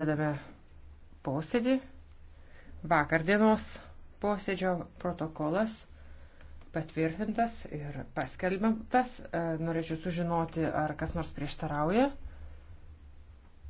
Pradedame posėdį. Vakardienos posėdžio protokolas patvirtintas ir paskelbintas. Norėčiau sužinoti, ar kas nors prieštarauja.